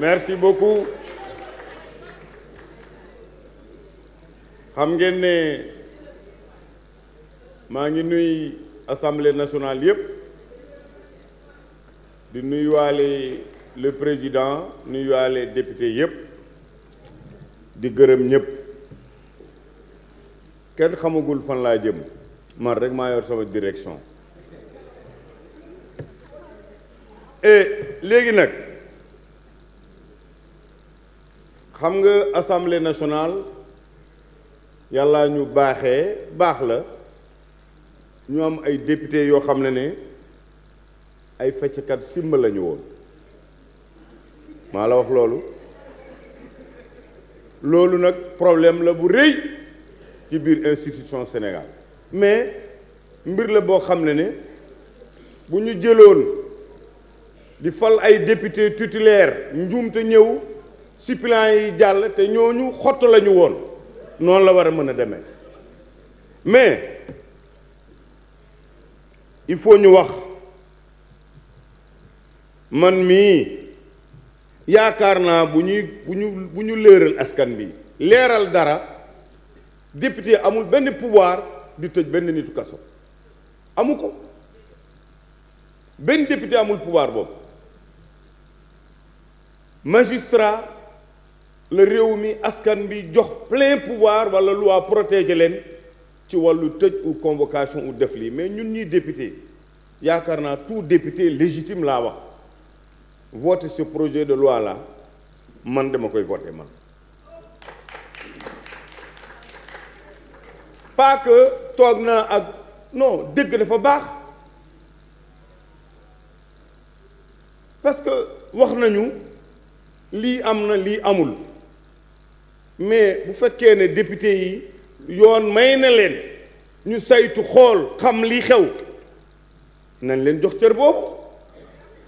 merci beaucoup xam ngeen ne maa ngi nuy assemblée nationale yëpp di waale le président nuy nuyuwaale député yëpp di gërëm ñëpp kenn xamagul fan laa jëm man rek maa sama direction léegi nag. xam nga assemblée nationale yàlla ñu baaxee baax la ñu am ay député yoo xam ne ne ay fecckat simba la ñu woon maa la wax loolu loolu nag problème la bu rëy ci biir institution Sénégal mais mbir la boo xam ne ne bu ñu jëloon di fal ay député titulaire njuumte ñëw suppléants yi jàll te ñooñu xott la ñu woon noonu la war a mën a demee mais il faut ñu wax man mii yaakaar naa bu ñuy bu ñu bu ñu leeral askan bi leeral dara député amul benn pouvoir di tëj benn nitu kaso amu ko benn député amul pouvoir boobu magistrat la réew mi askan bi jox plein pouvoir wala loi protéger leen ci wàllu tëj ou convocation ou def lii mais ñun ñuy député yaakaar naa tout député légitime laa wax voter ce projet de loi là man dama koy voter man pas toog naa ak non dëgg dafa baax parce que wax nañu lii am na lii amul mais bu fekkee ne député yi yoon may na leen ñu saytu xool xam li xew nañ leen jox cër boobu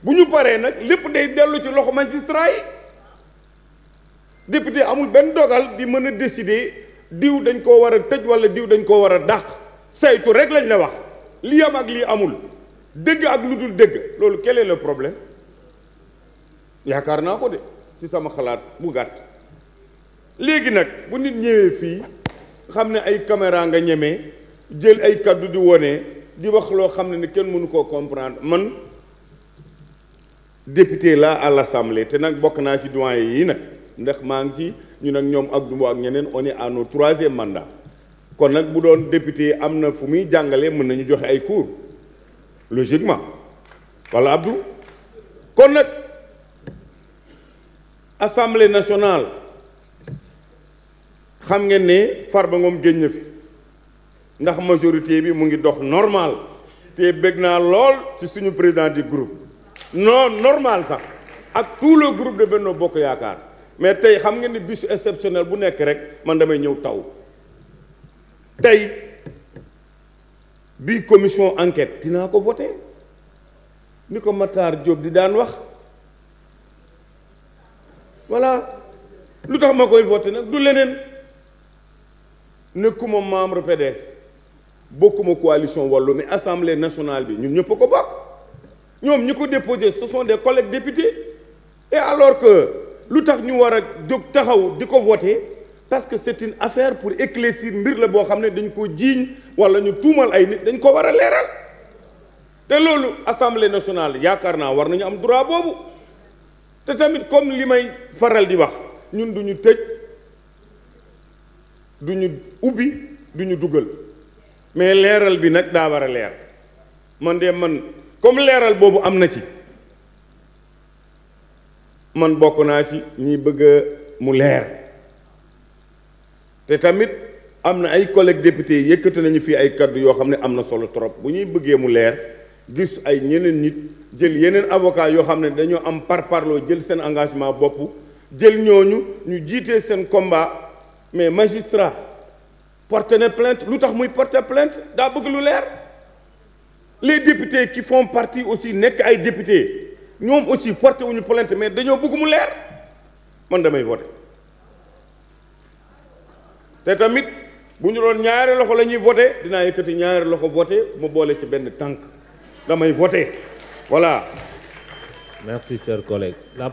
bu ñu paree nag lépp day dellu ci loxo magistrat yi député amul benn dogal di mën a décider diw dañ koo war a tëj wala diw dañ koo war a dàq saytu rek lañ la wax li am ak lii amul dëgg ak lu dul dëgg loolu quel la le problème yaakaar naa ko de ci sama xalaat bu gàtt léegi nag bu nit ñëwee fii xam ne ay caméra nga ñemee jël ay kàddu di wone di wax loo xam ne ni kenn mënu koo comprendre man député laa à l'Assemblée te nag bokk naa ci doyen yi nag ndax maa ngi ci ñu nag ñoom ak dumbo ak ñeneen on est à nos troisième mandat kon nag bu doon député am na fu muy jàngalee mën nañu joxe ay cours logiquement walla Abdou kon nag Assemblée nationale xam ngeen ne Farba Ngom génn na fi ndax majorité bi mu ngi dox normal te bëgg naa lool ci suñu président du groupe non normal sax ak tout le groupe de Benno Bokk Yaakaar mais tey xam ngeen ne bisu exceptionnel bu nekk rek man damay ñëw taw tey bi commission enquête dinaa ko voté ni ko Matar Diop di daan wax voilà lu tax ma koy voté nag du leneen nekkuma membre PDS bokkuma coalition wàllu mais assemblée nationale bi ñu ñëpp ko bokk ñoom ñu ko déposé ce sont des collègues et alors que lu tax ñu war a jóg taxaw di ko voté parce que c'est une affaire pour éclaircir mbir la boo xam ne dañ ko jiiñ wala ñu tuumal ay nit dañ ko war a leeral te loolu assemblée nationale yaakaar naa war nañu am droit boobu te tamit comme li may faral di wax ñun duñu tëj du ñu ubbi duñu dugal mais leeral bi nag daa war a leer man de man comme leeral boobu am na ci man bokk naa ci ñi bëgg mu leer te tamit am na ay collègues députés yëkkati nañu fii ay kàddu yoo xam ne am na solo trop bu ñuy bëggee mu leer gis ay ñeneen nit jël yeneen avocat yoo xam ne dañoo am par parloo jël seen engagement bopp jël ñoo ñu ñu jiitee seen combat mais magistrat porte ne plant lu tax muy porter plainte daa bëgg lu leer les députés qui font partie aussi nekk ay députés ñoom aussi porté wuñu plainte mais dañoo bëgg mu leer man damay voter te tamit bu ñu doon ñaari loxo la ñuy voter dinaa yëkkati ñaari loxo voter mu boole ci benn tànk damay voter voilà. Merci, chers collègues. La